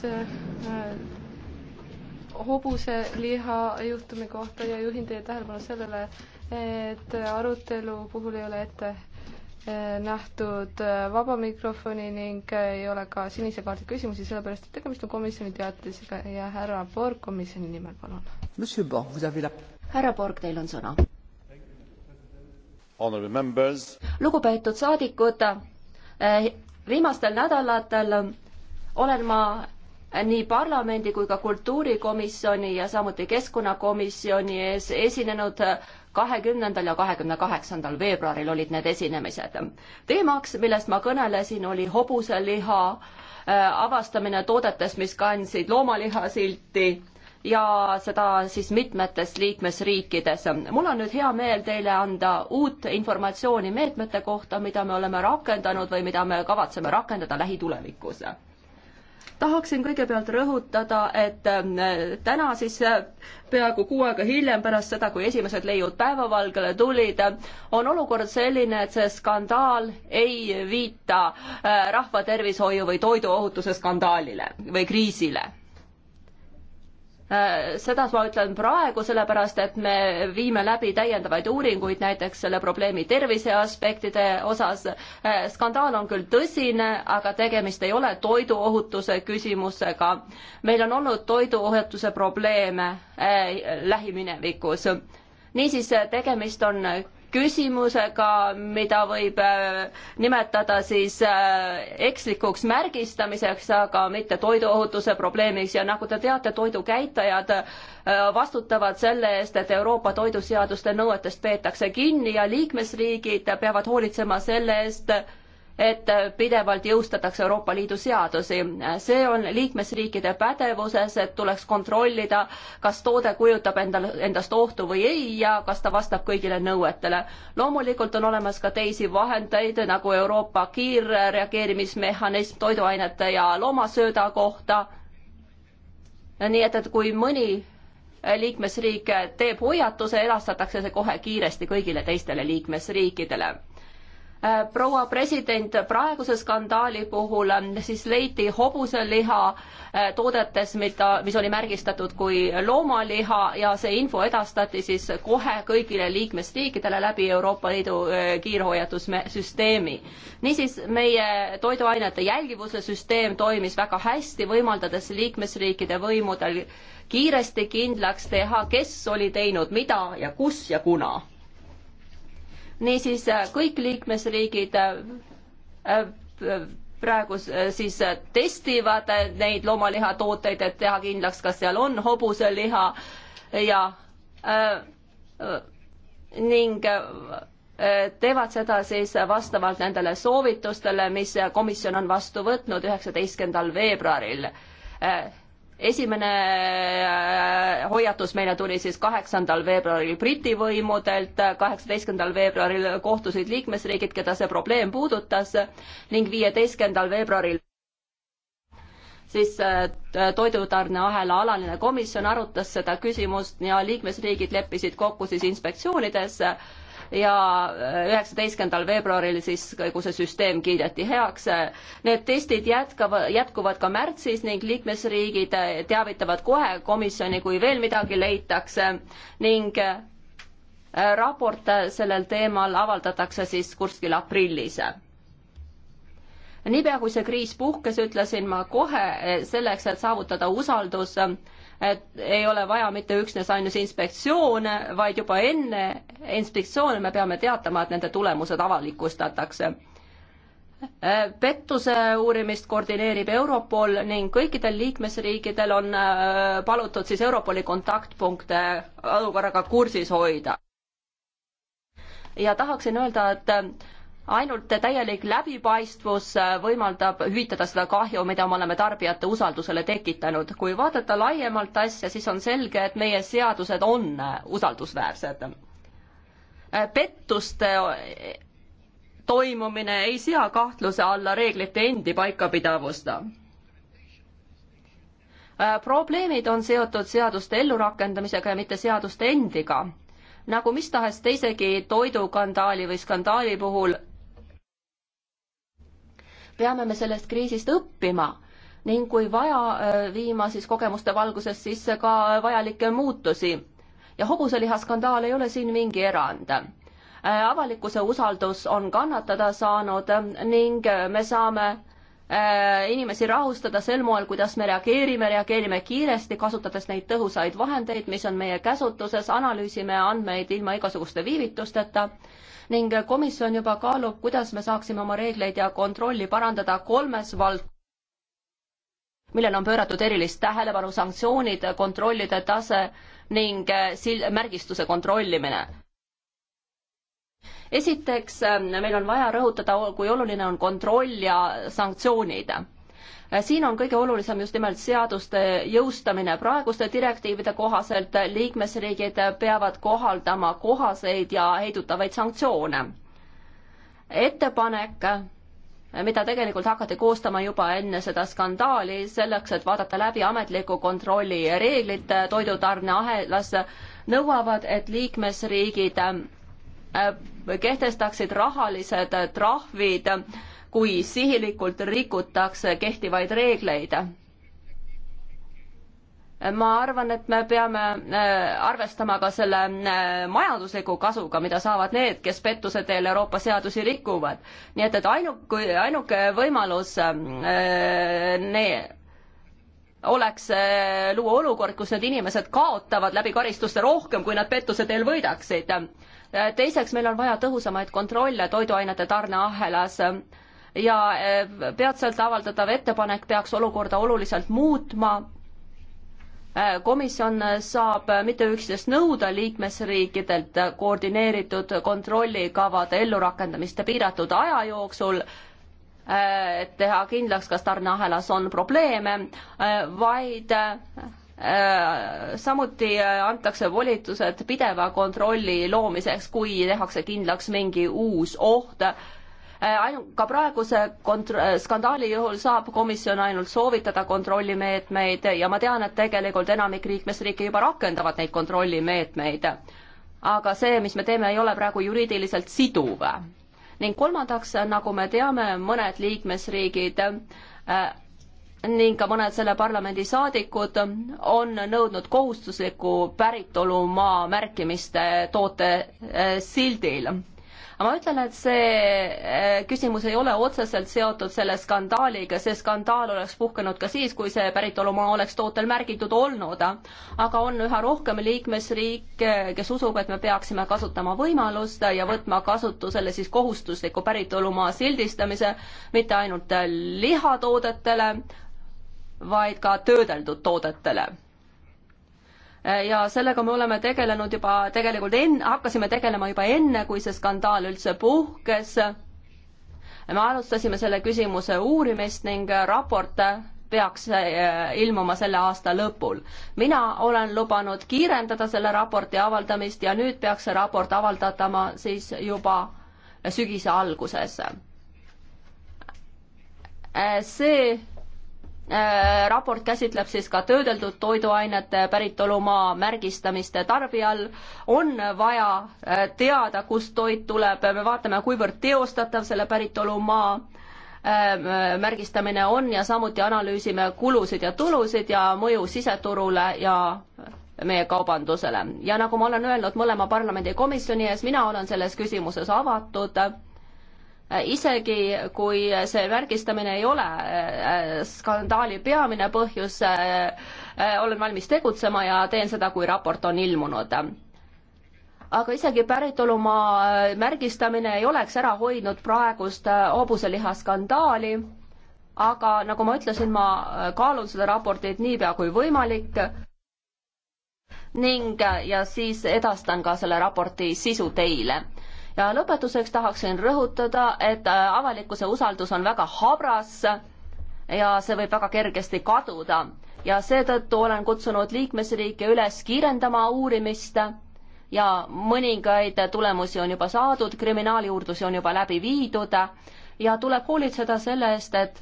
Äh, hobuseliha juhtumi kohta ja juhin teie tähelepanu sellele, et arutelu puhul ei ole ette äh, nähtud äh, vaba mikrofoni ning ei ole ka sinise kaardi küsimusi, sellepärast et tegemist on komisjoni teatisega ja härra Borg komisjoni nimel, palun. härra Borg, teil on sõna. lugupeetud saadikud, viimastel nädalatel olen ma nii parlamendi kui ka kultuurikomisjoni ja samuti keskkonnakomisjoni ees esinenud kahekümnendal ja kahekümne kaheksandal veebruaril olid need esinemised. teemaks, millest ma kõnelesin, oli hobuseliha äh, avastamine toodetes, mis kandsid loomalihasilti ja seda siis mitmetes liikmesriikides. mul on nüüd hea meel teile anda uut informatsiooni meetmete kohta, mida me oleme rakendanud või mida me kavatseme rakendada lähitulevikus tahaksin kõigepealt rõhutada, et äh, täna siis äh, peaaegu kuu aega hiljem, pärast seda, kui esimesed leiud päevavalgele tulid, on olukord selline, et see skandaal ei viita äh, rahvatervishoiu või toiduohutuse skandaalile või kriisile Äh, seda ma ütlen praegu, sellepärast et me viime läbi täiendavaid uuringuid näiteks selle probleemi tervise aspektide osas. Äh, skandaal on küll tõsine, aga tegemist ei ole toiduohutuse küsimusega. meil on olnud toiduohutuse probleeme äh, lähiminevikus niisiis, tegemist on küsimusega, mida võib äh, nimetada siis äh, ekslikuks märgistamiseks, aga mitte toiduohutuse probleemiks ja nagu te teate, toidukäitajad äh, vastutavad selle eest, et Euroopa toiduseaduste nõuetest peetakse kinni ja liikmesriigid peavad hoolitsema selle eest, et pidevalt jõustatakse Euroopa Liidu seadusi. see on liikmesriikide pädevuses, et tuleks kontrollida, kas toode kujutab endal, endast ohtu või ei ja kas ta vastab kõigile nõuetele. loomulikult on olemas ka teisi vahendeid, nagu Euroopa kiirreageerimismehhanism toiduainete ja loomasööda kohta. nii et, et kui mõni liikmesriik teeb hoiatuse, edastatakse see kohe kiiresti kõigile teistele liikmesriikidele Äh, proua president, praeguse skandaali puhul äh, siis leiti hobuseliha äh, toodetes, mida, mis oli märgistatud kui loomaliha ja see info edastati siis kohe kõigile liikmesriikidele läbi Euroopa Liidu kiirhoiatussüsteemi. niisiis, meie toiduainete jälgivuse süsteem toimis väga hästi, võimaldades liikmesriikide võimudel kiiresti kindlaks teha, kes oli teinud mida ja kus ja kuna niisiis äh, kõik liikmesriigid äh, äh, praegu siis testivad neid loomalihatooteid, et teha kindlaks, kas seal on hobuseliha ja ning teevad seda siis vastavalt nendele soovitustele, mis komisjon on vastu võtnud üheksateistkümnendal veebruaril esimene äh, hoiatus meile tuli siis kaheksandal veebruaril Briti võimudelt, kaheksateistkümnendal veebruaril kohtusid liikmesriigid, keda see probleem puudutas ning viieteistkümnendal veebruaril siis äh, toidutarneahela alaline komisjon arutas seda küsimust ja liikmesriigid leppisid kokku siis inspektsioonides äh, ja äh, üheksateistkümnendal veebruaril siis, kui see süsteem kiideti heaks. Äh, need testid jätkavad, jätkuvad ka märtsis ning liikmesriigid äh, teavitavad kohe komisjoni, kui veel midagi leitakse ning raport sellel teemal avaldatakse siis kuskil aprillis niipea kui see kriis puhkes, ütlesin ma kohe selleks, et saavutada usaldus, et ei ole vaja mitte üksnes ainus inspektsioone, vaid juba enne inspektsioone me peame teatama, et nende tulemused avalikustatakse pettuse uurimist koordineerib Europol ning kõikidel liikmesriikidel on äh, palutud siis Europoli kontaktpunkte olukorraga kursis hoida. ja tahaksin öelda, et ainult täielik läbipaistvus äh, võimaldab hüvitada seda kahju, mida me oleme tarbijate usaldusele tekitanud. kui vaadata laiemalt asja, siis on selge, et meie seadused on äh, usaldusväärsed. Äh, pettuste toimumine ei sea kahtluse alla reeglite endi paikapidavust probleemid on seotud seaduste ellurakendamisega ja mitte seaduste endiga. nagu mis tahes teisegi toidukandaali või skandaali puhul peame me sellest kriisist õppima ning kui vaja, äh, viima siis kogemuste valguses sisse ka vajalikke muutusi. ja hobuselihaskandaal ei ole siin mingi erand äh, avalikkuse usaldus on kannatada saanud ning me saame Äh, inimesi rahustada sel moel, kuidas me reageerime, reageerime kiiresti, kasutades neid tõhusaid vahendeid, mis on meie käsutuses, analüüsime andmeid ilma igasuguste viivitusteta ning komisjon juba kaalub, kuidas me saaksime oma reegleid ja kontrolli parandada kolmes vald-, millele on pööratud erilist tähelepanu sanktsioonid, kontrollide tase ning äh, sil-, märgistuse kontrollimine esiteks, ähm, meil on vaja rõhutada, kui oluline on kontroll ja sanktsioonid äh, siin on kõige olulisem just nimelt seaduste jõustamine. praeguste direktiivide kohaselt liikmesriigid peavad kohaldama kohaseid ja heidutavaid sanktsioone. ettepanek, äh, mida tegelikult hakati koostama juba enne seda skandaali, selleks et vaadata läbi ametliku kontrolli reeglid äh, toidutarneahelas, nõuavad, et liikmesriigid Äh, kehtestaksid rahalised trahvid, kui sihilikult rikutakse kehtivaid reegleid. ma arvan, et me peame äh, arvestama ka selle äh, majandusliku kasuga, mida saavad need, kes pettuse teel Euroopa seadusi rikuvad. nii et, et ainuke, ainuke võimalus äh, oleks luua olukord, kus need inimesed kaotavad läbi karistuste rohkem, kui nad pettuse teel võidaksid. Äh, teiseks, meil on vaja tõhusamaid kontrolle toiduainete tarneahelas ja äh, peatselt avaldatav ettepanek peaks olukorda oluliselt muutma. Äh, komisjon saab mitte üksnes nõuda liikmesriikidelt koordineeritud kontrollikavade ellurakendamist piiratud aja jooksul, et teha kindlaks, kas tarneahelas on probleeme, vaid Äh, samuti äh, antakse volitused pideva kontrolli loomiseks, kui tehakse kindlaks mingi uus oht. Äh, ka praeguse kont-, skandaali juhul saab komisjon ainult soovitada kontrollimeetmeid ja ma tean, et tegelikult enamik liikmesriike juba rakendavad neid kontrollimeetmeid. aga see, mis me teeme, ei ole praegu juriidiliselt siduv. ning kolmandaks, nagu me teame, mõned liikmesriigid ning ka mõned selle parlamendi saadikud on nõudnud kohustuslikku päritolumaa märkimist toote äh, sildil. ma ütlen, et see äh, küsimus ei ole otseselt seotud selle skandaaliga, see skandaal oleks puhkenud ka siis, kui see päritolumaa oleks tootel märgitud olnud. aga on üha rohkem liikmesriike, kes usub, et me peaksime kasutama võimalust ja võtma kasutusele siis kohustusliku päritolumaa sildistamise mitte ainult lihatoodetele, vaid ka töödeldud toodetele ja sellega me oleme tegelenud juba tegelikult enne, hakkasime tegelema juba enne, kui see skandaal üldse puhkes. me alustasime selle küsimuse uurimist ning raport peaks eh, ilmuma selle aasta lõpul. mina olen lubanud kiirendada selle raporti avaldamist ja nüüd peaks see raport avaldatama siis juba sügise alguses. Eh, see Äh, raport käsitleb siis ka töödeldud toiduainete päritolumaa märgistamist tarbijal. on vaja äh, teada, kust toit tuleb, me vaatame, kuivõrd teostatav selle päritolumaa äh, märgistamine on ja samuti analüüsime kulusid ja tulusid ja mõju siseturule ja meie kaubandusele. ja nagu ma olen öelnud mõlema parlamendikomisjoni ees, mina olen selles küsimuses avatud isegi kui see märgistamine ei ole äh, skandaali peamine põhjus, äh, äh, olen valmis tegutsema ja teen seda, kui raport on ilmunud aga isegi päritolumaa märgistamine ei oleks ära hoidnud praegust hobuselihaskandaali. aga nagu ma ütlesin, ma kaalun seda raportit niipea kui võimalik. ning, ja siis edastan ka selle raporti sisu teile ja lõpetuseks tahaksin rõhutada, et äh, avalikkuse usaldus on väga habras ja see võib väga kergesti kaduda ja seetõttu olen kutsunud liikmesriike üles kiirendama uurimist ja mõningaid tulemusi on juba saadud, kriminaaljuurdlusi on juba läbi viidud ja tuleb hoolitseda selle eest, et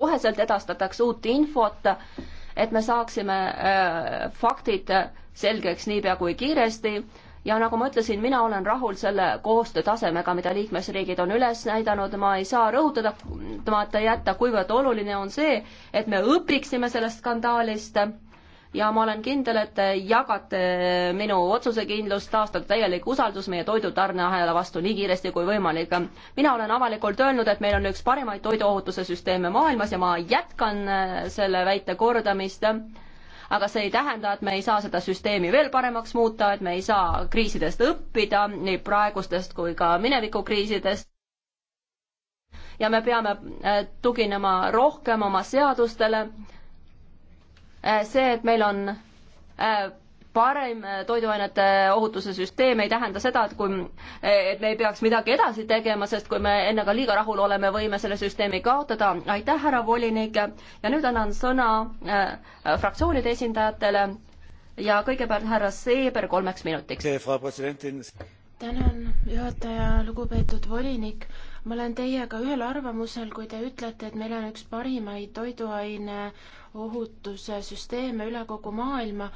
koheselt edastatakse uut infot, et me saaksime äh, faktid selgeks niipea kui kiiresti ja nagu ma ütlesin, mina olen rahul selle koostöötasemega, mida liikmesriigid on üles näidanud, ma ei saa rõhutada, tõmmata jätta, kuivõrd oluline on see, et me õpiksime sellest skandaalist ja ma olen kindel, et te jagate minu otsusekindlust taastada täielik usaldus meie toidutarneahela vastu nii kiiresti kui võimalik. mina olen avalikult öelnud, et meil on üks parimaid toiduohutuse süsteeme maailmas ja ma jätkan äh, selle väite kordamist aga see ei tähenda, et me ei saa seda süsteemi veel paremaks muuta, et me ei saa kriisidest õppida, nii praegustest kui ka minevikukriisidest. ja me peame äh, tuginema rohkem oma seadustele. Äh, see, et meil on äh, parem äh, toiduainete ohutuse süsteem ei tähenda seda, et kui, et me ei peaks midagi edasi tegema, sest kui me endaga liiga rahul oleme, võime selle süsteemi kaotada. aitäh, härra volinik ja nüüd annan sõna äh, fraktsioonide esindajatele ja kõigepealt härra Seeber kolmeks minutiks. tänan, juhataja, lugupeetud volinik. ma olen teiega ühel arvamusel, kui te ütlete, et meil on üks parimaid toiduaine ohutuse süsteeme üle kogu maailma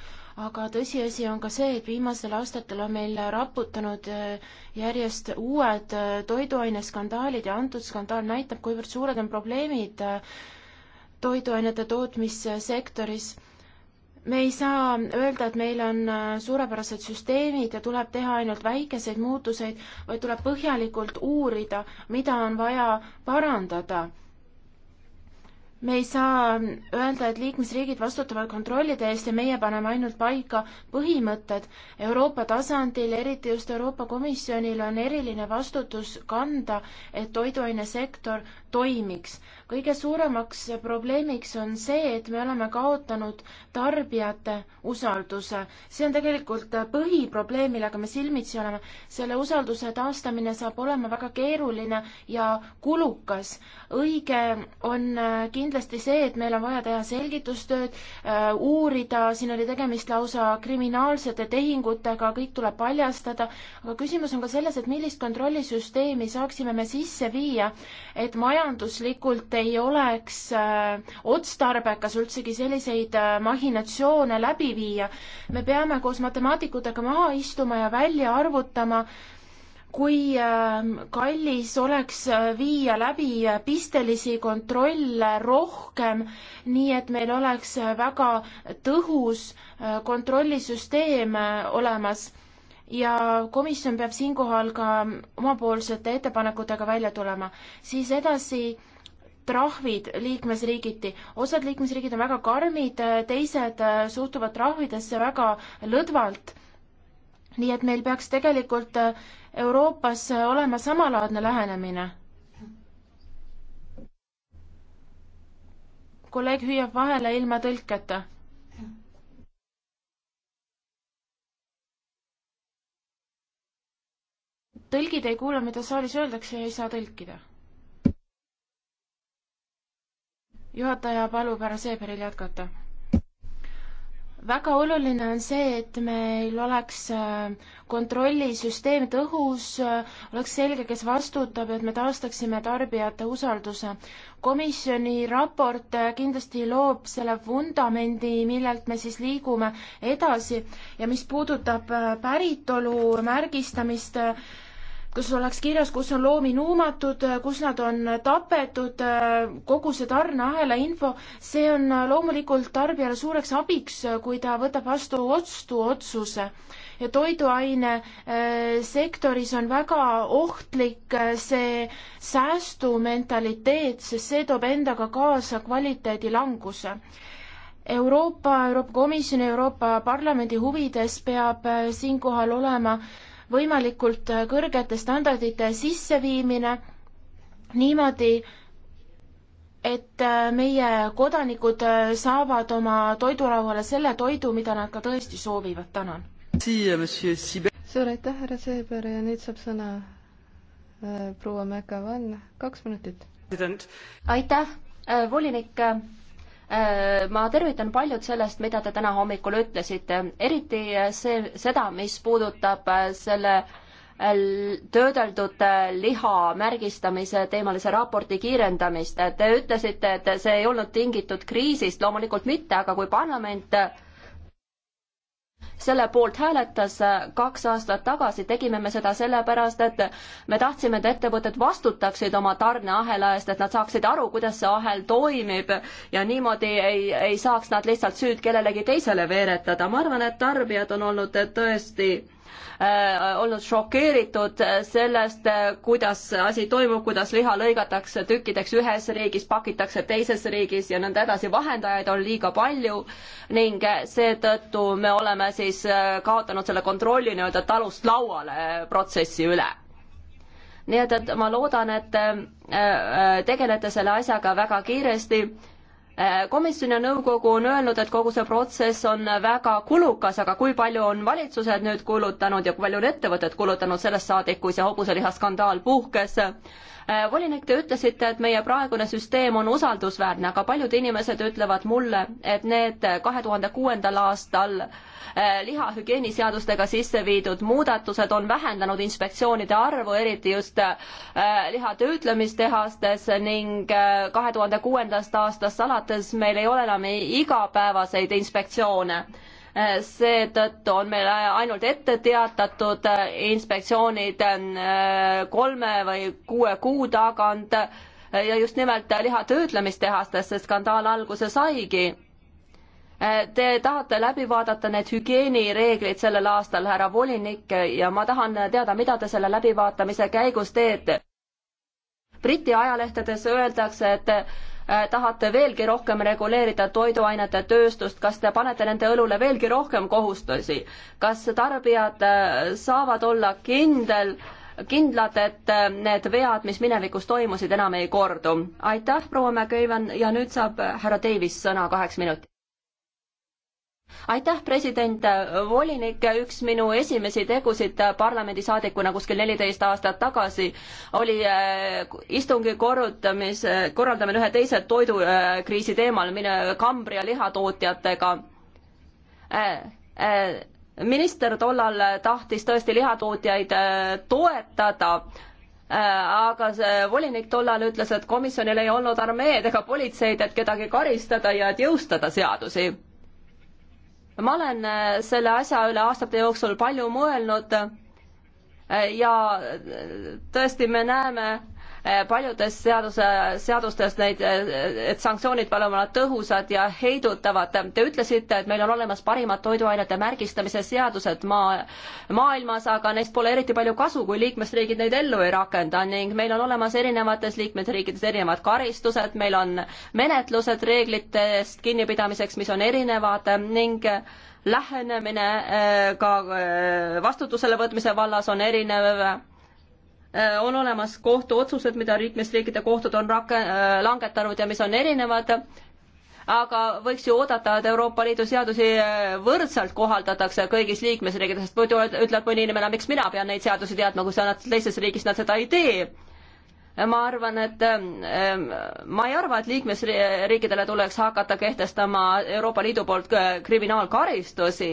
aga tõsiasi on ka see, et viimastel aastatel on meil raputanud äh, järjest uued äh, toiduaineskandaalid ja antud skandaal näitab, kuivõrd suured on probleemid äh, toiduainete tootmissektoris me ei saa öelda, et meil on suurepärased süsteemid ja tuleb teha ainult väikeseid muutuseid, vaid tuleb põhjalikult uurida, mida on vaja parandada me ei saa öelda, et liikmesriigid vastutavad kontrollide eest ja meie paneme ainult paika põhimõtted. Euroopa tasandil, eriti just Euroopa Komisjonil on eriline vastutus kanda, et toiduainesektor toimiks. kõige suuremaks probleemiks on see, et me oleme kaotanud tarbijate usalduse. see on tegelikult põhiprobleem, millega me silmitsi oleme. selle usalduse taastamine saab olema väga keeruline ja kulukas. õige on äh, kindlasti see, et meil on vaja teha selgitustööd, äh, uurida, siin oli tegemist lausa kriminaalsete tehingutega, kõik tuleb paljastada, aga küsimus on ka selles, et millist kontrollisüsteemi saaksime me sisse viia, et maja majanduslikult ei oleks äh, otstarbekas üldsegi selliseid äh, mahinatsioone läbi viia. me peame koos matemaatikutega maha istuma ja välja arvutama, kui äh, kallis oleks viia läbi pistelisi kontrolle rohkem, nii et meil oleks väga tõhus kontrollisüsteem olemas ja komisjon peab siinkohal ka omapoolsete ettepanekutega välja tulema. siis edasi trahvid liikmesriigiti. osad liikmesriigid on väga karmid, teised suhtuvad trahvidesse väga lõdvalt. nii et meil peaks tegelikult Euroopas olema samalaadne lähenemine. kolleeg hüüab vahele ilma tõlketa tõlgid ei kuule, mida saalis öeldakse ja ei saa tõlkida. juhataja palub härra Seeberil jätkata. väga oluline on see, et meil oleks äh, kontrollisüsteem tõhus, äh, oleks selge, kes vastutab, et me taastaksime tarbijate usalduse. komisjoni raport äh, kindlasti loob selle vundamendi, millelt me siis liigume edasi ja mis puudutab päritolu märgistamist, kus oleks kirjas, kus on loomi nuumatud, kus nad on tapetud, kogu see tarneahela info, see on loomulikult tarbijale suureks abiks, kui ta võtab vastu ostuotsuse. ja toiduainesektoris äh, on väga ohtlik äh, see säästumentaliteet, sest see toob endaga kaasa kvaliteedi languse Euroopa, Euroopa Komisjoni, Euroopa Parlamendi huvides peab äh, siinkohal olema äh, võimalikult äh, kõrgete standardite sisseviimine niimoodi, et äh, meie kodanikud äh, saavad oma toidulauale selle toidu, mida nad ka tõesti soovivad, tänan. suur aitäh, härra Seeber ja nüüd saab sõna proua Mäkavan, kaks minutit. aitäh, volinik Äh, ma tervitan paljud sellest, mida te täna hommikul ütlesite, eriti äh, see, seda, mis puudutab äh, selle töödeldud liha märgistamise teemalise raporti kiirendamist. Te ütlesite, et see ei olnud tingitud kriisist, loomulikult mitte, aga kui parlament selle poolt hääletas äh, kaks aastat tagasi, tegime me seda sellepärast, et me tahtsime, et ettevõtted vastutaksid oma tarneahela eest, et nad saaksid aru, kuidas see ahel toimib ja niimoodi ei, ei saaks nad lihtsalt süüd kellelegi teisele veeretada. ma arvan, et tarbijad on olnud tõesti Äh, olnud šokeeritud sellest, kuidas asi toimub, kuidas liha lõigatakse tükkideks ühes riigis, pakitakse teises riigis ja nõnda edasi, vahendajaid on liiga palju ning seetõttu me oleme siis äh, kaotanud selle kontrolli nii-öelda talust lauale protsessi üle nii et, et ma loodan, et äh, tegelete selle asjaga väga kiiresti Äh, komisjon ja nõukogu on öelnud, et kogu see protsess on väga kulukas, aga kui palju on valitsused nüüd kulutanud ja kui palju on ettevõtted kulutanud sellest saadik, kui see hobuselihaskandaal puhkes? Äh, volinik, te ütlesite, et meie praegune süsteem on usaldusväärne, aga paljud inimesed ütlevad mulle, et need kahe tuhande kuuendal aastal äh, lihahügieeniseadustega sisse viidud muudatused on vähendanud inspektsioonide arvu, eriti just äh, lihatöötlemistehastes ning kahe tuhande kuuendast aastast alates meil ei ole enam igapäevaseid inspektsioone seetõttu on meil ainult ette teatatud äh, inspektsioonid äh, kolme või kuue kuu tagant äh, ja just nimelt lihatöötlemistehastesse skandaal alguse saigi. Te tahate läbi vaadata need hügieenireeglid sellel aastal, härra volinik, ja ma tahan teada, mida te selle läbivaatamise käigus teete. Briti ajalehtedes öeldakse, et Äh, tahate veelgi rohkem reguleerida toiduainete tööstust, kas te panete nende õlule veelgi rohkem kohustusi? kas tarbijad äh, saavad olla kindel, kindlad, et äh, need vead, mis minevikus toimusid, enam ei kordu? aitäh, proua McEwen ja nüüd saab härra Davis sõna kaheks minutiks aitäh, president, volinik, üks minu esimesi tegusid parlamendisaadikuna kuskil neliteist aastat tagasi oli äh, istungi korrutamise, korraldamine ühe teise toidukriisi teemal, mille kambri ja lihatootjatega. Äh, äh, minister tollal tahtis tõesti lihatootjaid toetada aga see volinik tollal ütles, et komisjonil ei olnud armeed ega politseid, et kedagi karistada ja et jõustada seadusi ma olen äh, selle asja üle aastate jooksul palju mõelnud äh, ja äh, tõesti, me näeme, Eh, paljudes seaduse, seadustes neid, eh, et sanktsioonid peavad olema tõhusad ja heidutavad. Te ütlesite, et meil on olemas parimad toiduainete märgistamise seadused maa, maailmas, aga neist pole eriti palju kasu, kui liikmesriigid neid ellu ei rakenda ning meil on olemas erinevates liikmesriikides erinevad karistused, meil on menetlused reeglitest kinnipidamiseks, mis on erinevad ning lähenemine eh, ka vastutusele võtmise vallas on erinev Äh, on olemas kohtuotsused, mida liikmesriikide kohtud on rak-, äh, langetanud ja mis on erinevad, aga võiks ju oodata, et Euroopa Liidu seadusi äh, võrdselt kohaldatakse kõigis liikmesriikides, sest muidu ütleb mõni inimene, miks mina pean neid seadusi teadma, kui sa nad teises riigis nad seda ei tee. ma arvan, et ähm, ma ei arva, et liikmesriikidele tuleks hakata kehtestama Euroopa Liidu poolt kriminaalkaristusi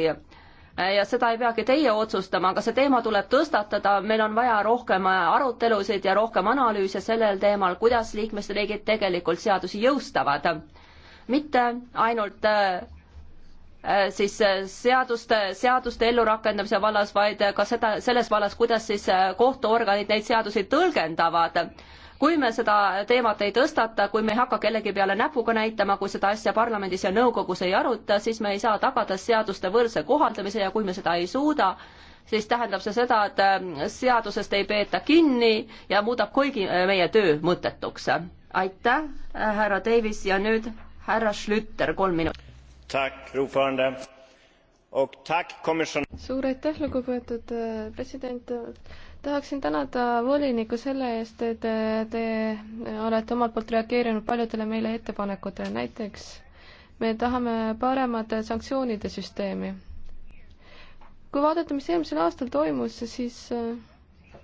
Äh, ja seda ei peagi teie otsustama, aga see teema tuleb tõstatada, meil on vaja rohkem äh, arutelusid ja rohkem analüüse sellel teemal, kuidas liikmesriigid tegelikult seadusi jõustavad. mitte ainult äh, siis seaduste, seaduste ellurakendamise vallas, vaid ka seda, selles vallas, kuidas siis kohtuorganid neid seadusi tõlgendavad kui me seda teemat ei tõstata, kui me ei hakka kellegi peale näpuga näitama, kui seda asja parlamendis ja nõukogus ei aruta, siis me ei saa tagada seaduste võrdse kohaldamise ja kui me seda ei suuda, siis tähendab see seda, et äh, seadusest ei peeta kinni ja muudab kõigi äh, meie töö mõttetuks. aitäh, äh, härra Davis ja nüüd härra Schlüter, kolm minutit suur aitäh, lugupeetud äh, president. tahaksin tänada volinikku selle eest, et äh, te olete omalt poolt reageerinud paljudele meile ettepanekutele, näiteks me tahame paremat sanktsioonide süsteemi. kui vaadata, mis eelmisel aastal toimus, siis äh,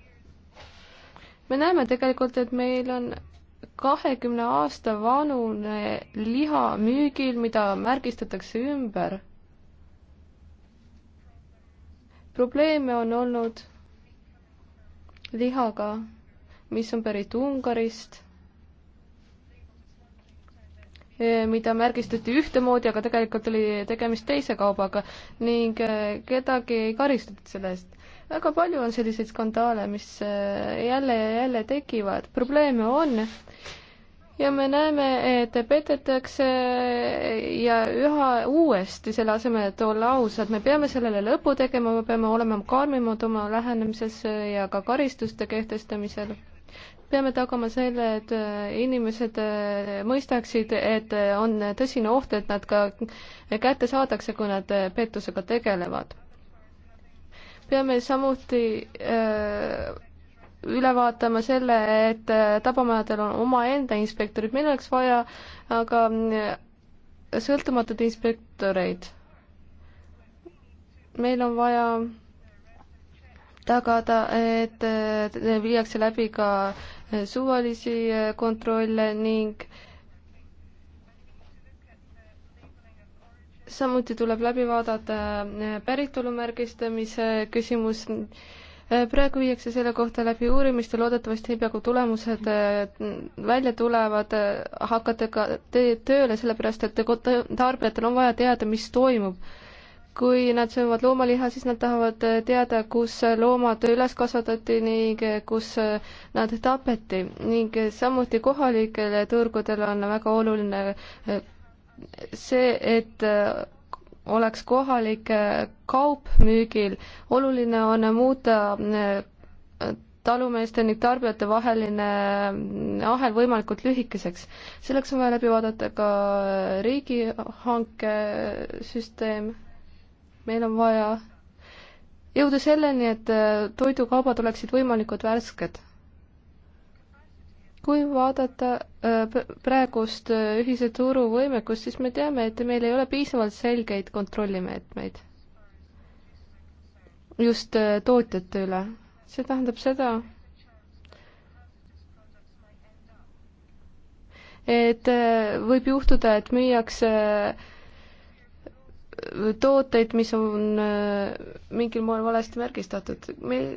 me näeme tegelikult, et meil on kahekümne aasta vanune liha müügil, mida märgistatakse ümber probleeme on olnud lihaga, mis on pärit Ungarist, e, mida märgistati ühtemoodi, aga tegelikult oli tegemist teise kaubaga ning e, kedagi ei karistatud selle eest. väga palju on selliseid skandaale, mis e, jälle ja jälle tekivad, probleeme on ja me näeme, et petetakse eh, ja üha uuesti, selle asemel, et olla ausad, me peame sellele lõpu tegema, me peame olema karmimad oma lähenemises ja ka karistuste kehtestamisel. peame tagama selle, et eh, inimesed eh, mõistaksid, et on tõsine oht, et nad ka kätte saadakse, kui nad pettusega tegelevad. peame samuti öö, üle vaatama selle, et äh, tabamajadel on omaenda inspektorid, meil oleks vaja aga äh, sõltumatud inspektoreid. meil on vaja tagada, et äh, viiakse läbi ka suvalisi kontrolle ning samuti tuleb läbi vaadata päritolumärgistamise küsimus Äh, praegu viiakse selle kohta läbi uurimist ja loodetavasti niipea, kui tulemused äh, välja tulevad, äh, hakkate ka te tööle, sellepärast et tarbijatel on vaja teada, mis toimub. kui nad söövad loomaliha, siis nad tahavad teada, kus loomad üles kasvatati ning kus nad tapeti ning samuti kohalikel turgudel on väga oluline see, et oleks kohalik äh, kaup müügil. oluline on muuta äh, talumeeste ning tarbijate vaheline äh, ahel võimalikult lühikeseks. selleks on vaja läbi vaadata ka riigihankesüsteem. meil on vaja jõuda selleni, et toidukaubad oleksid võimalikult värsked kui vaadata äh, praegust äh, ühise turu võimekust, siis me teame, et meil ei ole piisavalt selgeid kontrollimeetmeid just äh, tootjate üle. see tähendab seda, et võib juhtuda, et müüakse tooteid, mis on mingil moel valesti märgistatud. meil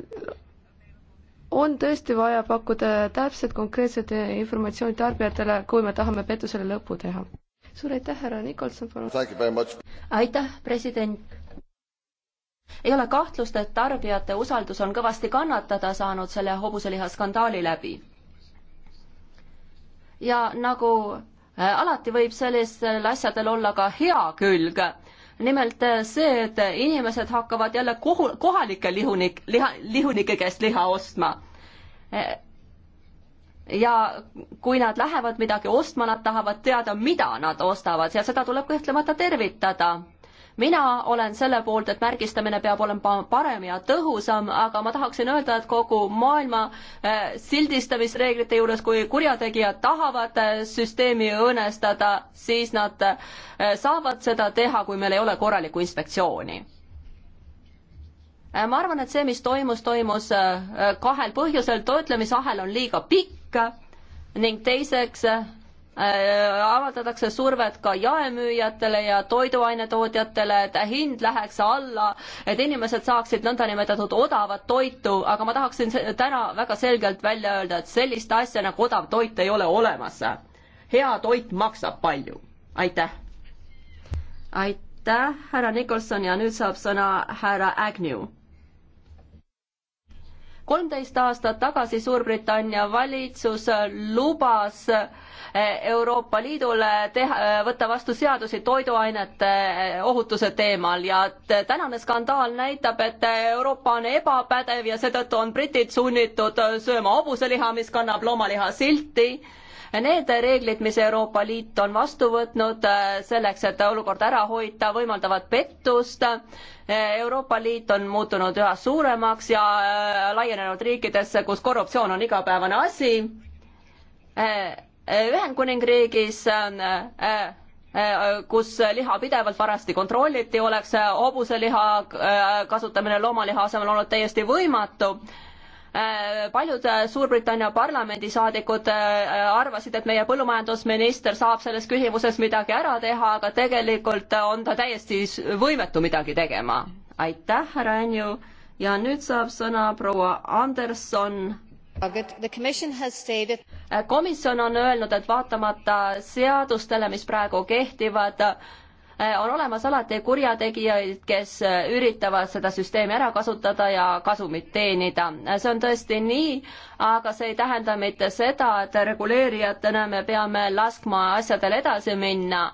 on tõesti vaja pakkuda täpset konkreetset informatsiooni tarbijatele, kui me tahame pettusele lõpu teha. suur aitäh, härra Nikolson, palun. aitäh, president. ei ole kahtlust, et tarbijate usaldus on kõvasti kannatada saanud selle hobuselihaskandaali läbi. ja nagu äh, alati võib sellistel asjadel olla ka hea külg nimelt äh, see, et inimesed hakkavad jälle kohu-, kohalike lihunik, liha, lihunike käest liha ostma. Äh, ja kui nad lähevad midagi ostma, nad tahavad teada, mida nad ostavad ja seda tuleb kahtlemata tervitada mina olen selle poolt, et märgistamine peab olema parem ja tõhusam, aga ma tahaksin öelda, et kogu maailma eh, sildistamisreeglite juures, kui kurjategijad tahavad eh, süsteemi õõnestada, siis nad eh, saavad seda teha, kui meil ei ole korralikku inspektsiooni ma arvan, et see, mis toimus, toimus kahel põhjusel, toitlemisahel on liiga pikk ning teiseks Äh, avaldatakse survet ka jaemüüjatele ja toiduainetootjatele, et hind läheks alla, et inimesed saaksid nõndanimetatud odavat toitu, aga ma tahaksin täna väga selgelt välja öelda, et sellist asja nagu odav toit ei ole olemas. hea toit maksab palju. aitäh! aitäh, härra Nikolson ja nüüd saab sõna härra Agnew kolmteist aastat tagasi Suurbritannia valitsus lubas eh, Euroopa Liidule teha, eh, võtta vastu seadusi toiduainete eh, ohutuse teemal ja tänane skandaal näitab, et Euroopa on ebapädev ja seetõttu on britid sunnitud sööma hobuseliha, mis kannab loomaliha silti Need reeglid, mis Euroopa Liit on vastu võtnud äh, selleks, et olukord ära hoida, võimaldavad pettust. Äh, Euroopa Liit on muutunud üha suuremaks ja äh, laienenud riikidesse, kus korruptsioon on igapäevane asi. Ühendkuningriigis kus liha pidevalt varasti kontrolliti, oleks hobuseliha kasutamine loomaliha asemel olnud täiesti võimatu Äh, paljud äh, Suurbritannia parlamendisaadikud äh, arvasid, et meie põllumajandusminister saab selles küsimuses midagi ära teha, aga tegelikult on ta täiesti võimetu midagi tegema. aitäh, härra Anju ja nüüd saab sõna proua Anderson uh, komisjon on öelnud, et vaatamata seadustele, mis praegu kehtivad, Eh, on olemas alati kurjategijaid, kes eh, üritavad seda süsteemi ära kasutada ja kasumit teenida. Eh, see on tõesti nii, aga see ei tähenda mitte seda, et reguleerijatena me peame laskma asjadel edasi minna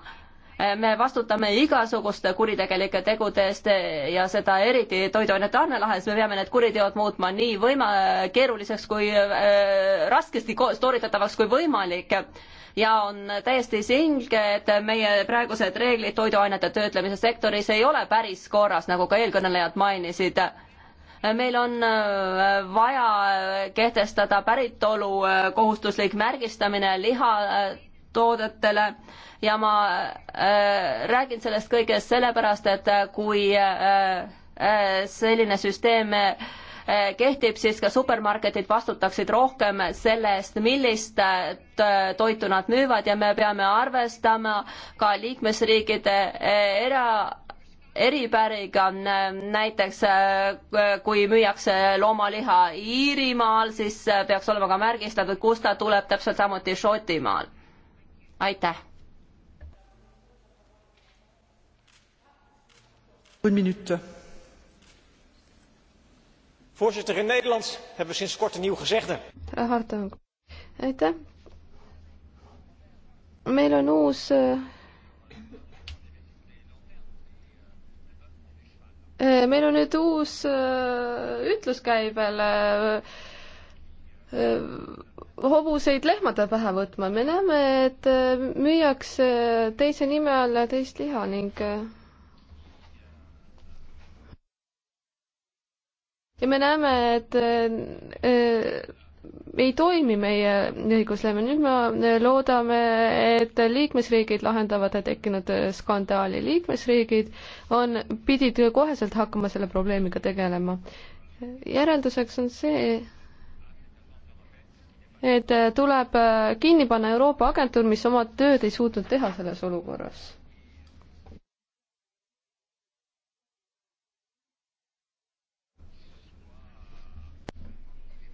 me vastutame igasuguste kuritegelike tegude eest ja seda eriti toiduainete annelahes, me peame need kuriteod muutma nii võima-, keeruliseks kui äh, raskesti ko-, sooritatavaks kui võimalik ja on täiesti selge, et meie praegused reeglid toiduainete töötlemise sektoris ei ole päris korras, nagu ka eelkõnelejad mainisid meil on äh, vaja kehtestada päritolu äh, kohustuslik märgistamine lihatoodetele ja ma äh, räägin sellest kõigest sellepärast, et kui selline süsteem Eh, kehtib siis ka supermarketid vastutaksid rohkem selle eest, millist eh, toitu nad müüvad ja me peame arvestama ka liikmesriikide eh, era eripäriga, näiteks kui müüakse loomaliha Iirimaal, siis peaks olema ka märgistatud, kust ta tuleb, täpselt samuti Šotimaal. aitäh. kolm minutit Voorzitter, in Nederland hebben we sinds kort een nieuw gezegde. Eh, hartelijk. Aitäh. Meil on uus eh, eh, meil on nüüd uus ütlus käibel hobuseid lehmade pähe võtma. me näeme, et müüakse teise nime all teist liha ning ja me näeme, et äh, ei toimi meie õigusleeme, nüüd me äh, loodame, et liikmesriigid lahendavad tekkinud äh, skandaali. liikmesriigid on, pidid koheselt hakkama selle probleemiga tegelema. järelduseks on see, et tuleb kinni panna Euroopa agentuur, mis oma tööd ei suutnud teha selles olukorras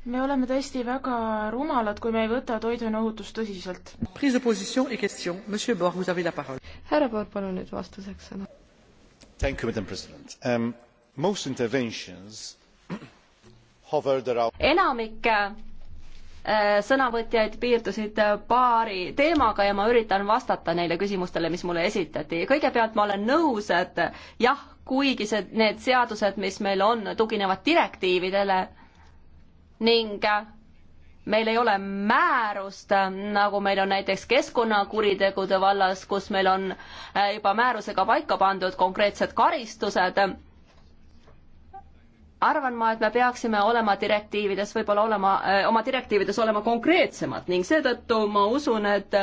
me oleme tõesti väga rumalad, kui me ei võta toiduohutust tõsiselt. härra Borg, palun nüüd vastuseks sõna. Um, enamik äh, sõnavõtjaid piirdusid äh, paari teemaga ja ma üritan vastata neile küsimustele, mis mulle esitati. kõigepealt ma olen nõus, et jah, kuigi see, need seadused, mis meil on, tuginevad direktiividele, ning meil ei ole määrust, nagu meil on näiteks keskkonnakuritegude vallas, kus meil on äh, juba määrusega paika pandud konkreetsed karistused. arvan ma, et me peaksime olema direktiivides võib-olla olema, äh, oma direktiivides olema konkreetsemad ning seetõttu ma usun, et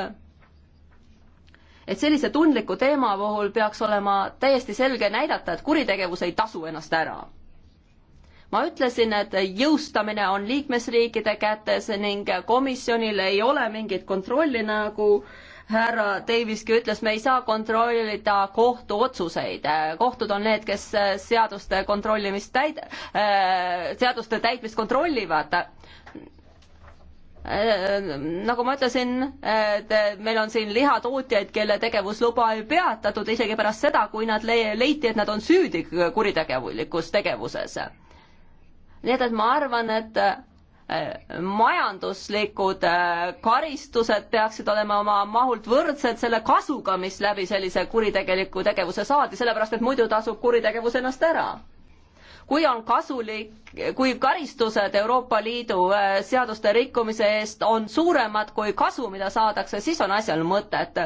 et sellise tundliku teema puhul peaks olema täiesti selge näidata, et kuritegevus ei tasu ennast ära ma ütlesin, et jõustamine on liikmesriikide kätes ning komisjonil ei ole mingit kontrolli, nagu härra Daviski ütles, me ei saa kontrollida kohtuotsuseid. kohtud on need, kes seaduste kontrollimist täid- äh,, seaduste täitmist kontrollivad äh, nagu ma ütlesin, et meil on siin lihatootjaid, kelle tegevusluba ei peatatud isegi pärast seda, kui nad le leiti, et nad on süüdi kuritegevlikus tegevuses nii et, et ma arvan, et äh, majanduslikud äh, karistused peaksid olema oma mahult võrdsed selle kasuga, mis läbi sellise kuritegeliku tegevuse saadi, sellepärast et muidu tasub kuritegevus ennast ära. kui on kasulik, kui karistused Euroopa Liidu äh, seaduste rikkumise eest on suuremad kui kasu, mida saadakse, siis on asjal mõtet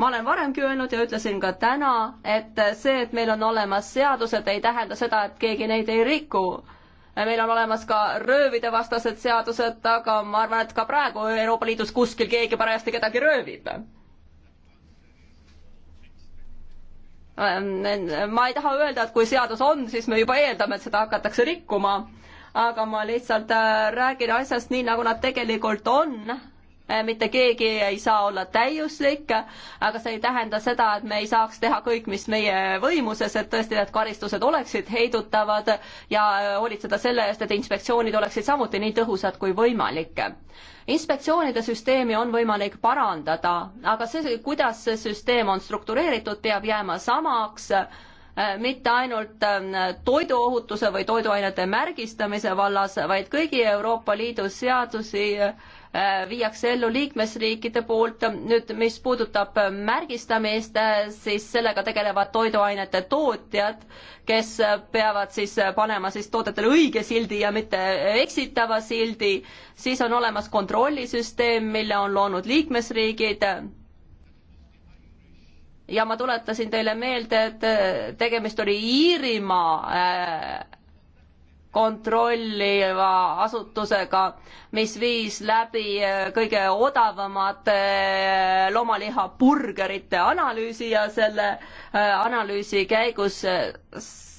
ma olen varemgi öelnud ja ütlesin ka täna, et see, et meil on olemas seadused, ei tähenda seda, et keegi neid ei riku meil on olemas ka röövidevastased seadused, aga ma arvan, et ka praegu Euroopa Liidus kuskil keegi parajasti kedagi röövib. ma ei taha öelda, et kui seadus on, siis me juba eeldame, et seda hakatakse rikkuma, aga ma lihtsalt äh, räägin asjast nii, nagu nad tegelikult on Äh, mitte keegi ei saa olla täiuslik, aga see ei tähenda seda, et me ei saaks teha kõik, mis meie võimuses, et tõesti need karistused oleksid heidutavad ja äh, hoolitseda selle eest, et inspektsioonid oleksid samuti nii tõhusad kui võimalik inspektsioonide süsteemi on võimalik parandada, aga see, kuidas see süsteem on struktureeritud, peab jääma samaks äh, mitte ainult ähm, toiduohutuse või toiduainete märgistamise vallas, vaid kõigi Euroopa Liidu seadusi Äh, viiakse ellu liikmesriikide poolt. nüüd, mis puudutab märgistamist, äh, siis sellega tegelevad toiduainete tootjad, kes peavad siis panema siis toodetele õige sildi ja mitte eksitava sildi. siis on olemas kontrollisüsteem, mille on loonud liikmesriigid ja ma tuletasin teile meelde, et tegemist oli Iirimaa äh, kontrolliva asutusega, mis viis läbi eh, kõige odavamate eh, loomalihaburgerite analüüsi ja selle eh, analüüsi käigus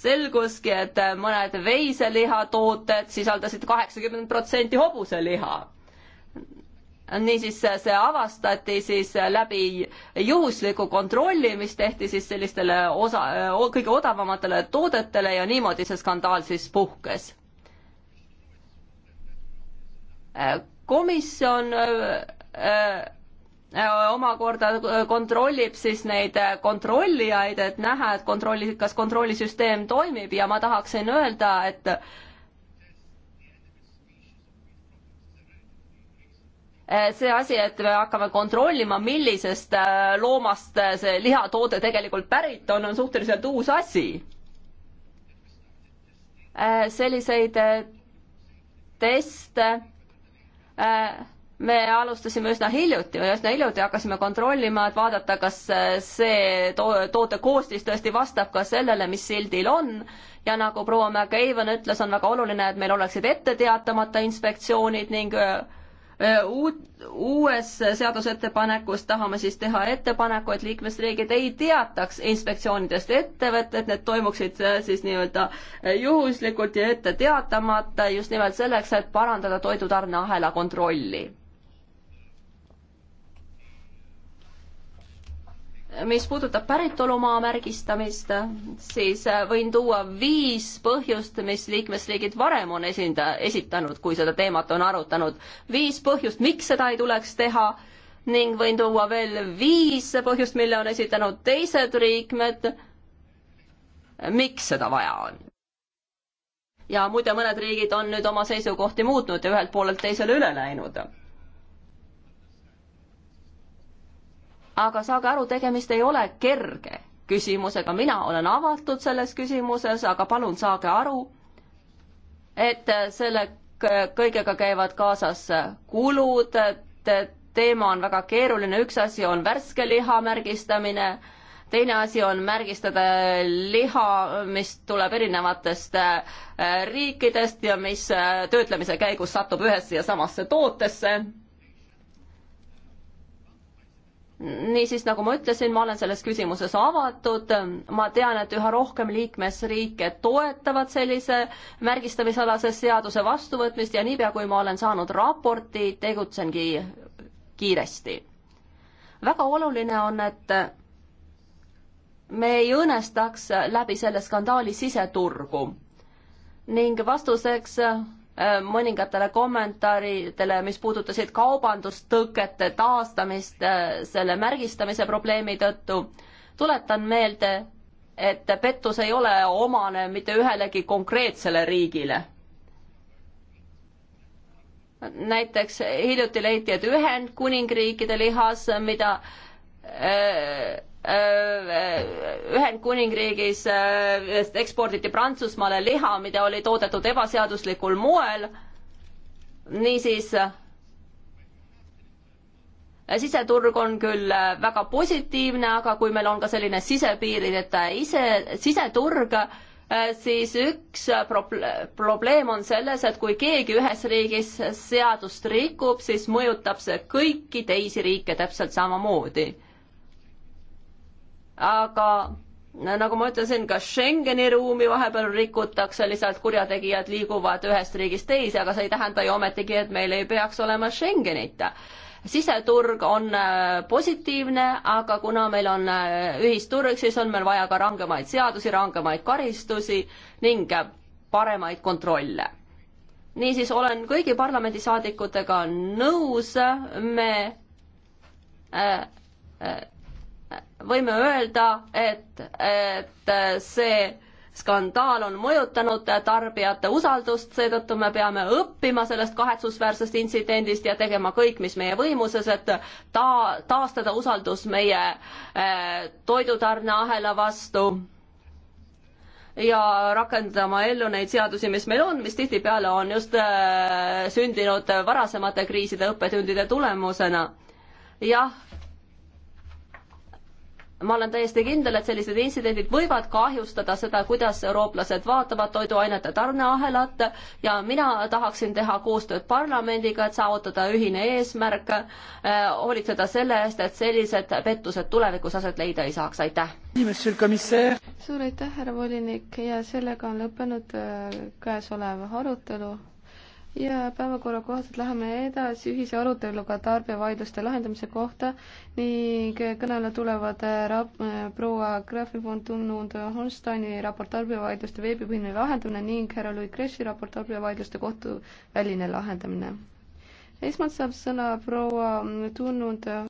selguski, et mõned veiselihatooded sisaldasid kaheksakümmend protsenti hobuseliha niisiis see avastati siis läbi juhusliku kontrolli, mis tehti siis sellistele osa, kõige odavamatele toodetele ja niimoodi see skandaal siis puhkes. komisjon omakorda kontrollib siis neid kontrollijaid, et näha, et kontrolli, kas kontrollisüsteem toimib ja ma tahaksin öelda, et Eh, see asi, et me hakkame kontrollima, millisest eh, loomast eh, see lihatoode tegelikult pärit on, on suhteliselt uus asi. selliseid teste me alustasime üsna hiljuti või üsna hiljuti hakkasime kontrollima, et vaadata, kas see to toote koostis tõesti vastab ka sellele, mis sildil on. ja nagu proua McAven ütles, on väga oluline, et meil oleksid ette teatamata inspektsioonid ning öö, uut, uues seadusettepanekus tahame siis teha ettepaneku, et liikmesriigid ei teataks inspektsioonidest ettevõtted et, need toimuksid äh, siis nii-öelda äh, juhuslikult ja ette teatamata just nimelt selleks, et parandada toidutarneahela kontrolli mis puudutab päritolumaa märgistamist, siis äh, võin tuua viis põhjust, mis liikmesriigid varem on esinda-, esitanud, kui seda teemat on arutanud. viis põhjust, miks seda ei tuleks teha ning võin tuua veel viis põhjust, mille on esitanud teised liikmed, miks seda vaja on. ja muide, mõned riigid on nüüd oma seisukohti muutnud ja ühelt poolelt teisele üle läinud aga saage aru, tegemist ei ole kerge küsimusega, mina olen avatud selles küsimuses, aga palun saage aru, et selle kõigega käivad kaasas kulud, et teema on väga keeruline, üks asi on värske liha märgistamine, teine asi on märgistada liha, mis tuleb erinevatest äh, riikidest ja mis äh, töötlemise käigus satub ühesse ja samasse tootesse niisiis, nagu ma ütlesin, ma olen selles küsimuses avatud, ma tean, et üha rohkem liikmesriike toetavad sellise märgistamisalase seaduse vastuvõtmist ja niipea, kui ma olen saanud raporti, tegutsengi kiiresti. väga oluline on, et me ei õõnestaks läbi selle skandaali siseturgu ning vastuseks Äh, mõningatele kommentaaridele, mis puudutasid kaubandustõkete taastamist äh, selle märgistamise probleemi tõttu. tuletan meelde, et pettus ei ole omane mitte ühelegi konkreetsele riigile. näiteks hiljuti leiti, et Ühendkuningriikide lihas, mida äh, Äh, äh, Ühendkuningriigis äh, eksporditi Prantsusmaale liha, mida oli toodetud ebaseaduslikul moel. niisiis siseturg on küll väga positiivne, aga kui meil on ka selline sisepiirideta ise, siseturg, siis üks probleem on selles, et kui keegi ühes riigis seadust rikub, siis mõjutab see kõiki teisi riike täpselt samamoodi aga nagu ma ütlesin, ka Schengeni ruumi vahepeal rikutakse, lihtsalt kurjategijad liiguvad ühest riigist teise, aga see ei tähenda ju ometigi, et meil ei peaks olema Schengenit. siseturg on äh, positiivne, aga kuna meil on äh, ühisturg, siis on meil vaja ka rangemaid seadusi, rangemaid karistusi ning paremaid kontrolle. niisiis olen kõigi parlamendisaadikutega nõus, me äh, äh, võime öelda, et, et see skandaal on mõjutanud tarbijate usaldust, seetõttu me peame õppima sellest kahetsusväärsest intsidendist ja tegema kõik, mis meie võimuses, et ta-, taastada usaldus meie eh, toidutarneahela vastu ja rakendama ellu neid seadusi, mis meil on, mis tihtipeale on just eh, sündinud varasemate kriiside õppetundide tulemusena. jah ma olen täiesti kindel, et sellised intsidendid võivad kahjustada seda, kuidas eurooplased vaatavad toiduainete tarneahelat ja mina tahaksin teha koostööd parlamendiga, et saavutada ühine eesmärk eh,, hoolitseda selle eest, et sellised pettused tulevikus aset leida ei saaks, aitäh! suur aitäh, härra volinik ja sellega on lõppenud äh, käesolev arutelu ja päevakorra kohaselt läheme edasi ühise aruteluga tarbijavaidluste lahendamise kohta ning kõnele tulevad äh, rap-, äh, proua Grafenfond-Tunnud Holsteini raport tarbijavaidluste veebipõhine lahendamine ning härra Louis Kressi raport tarbijavaidluste kohtuväline lahendamine. esmalt saab sõna proua Tunnud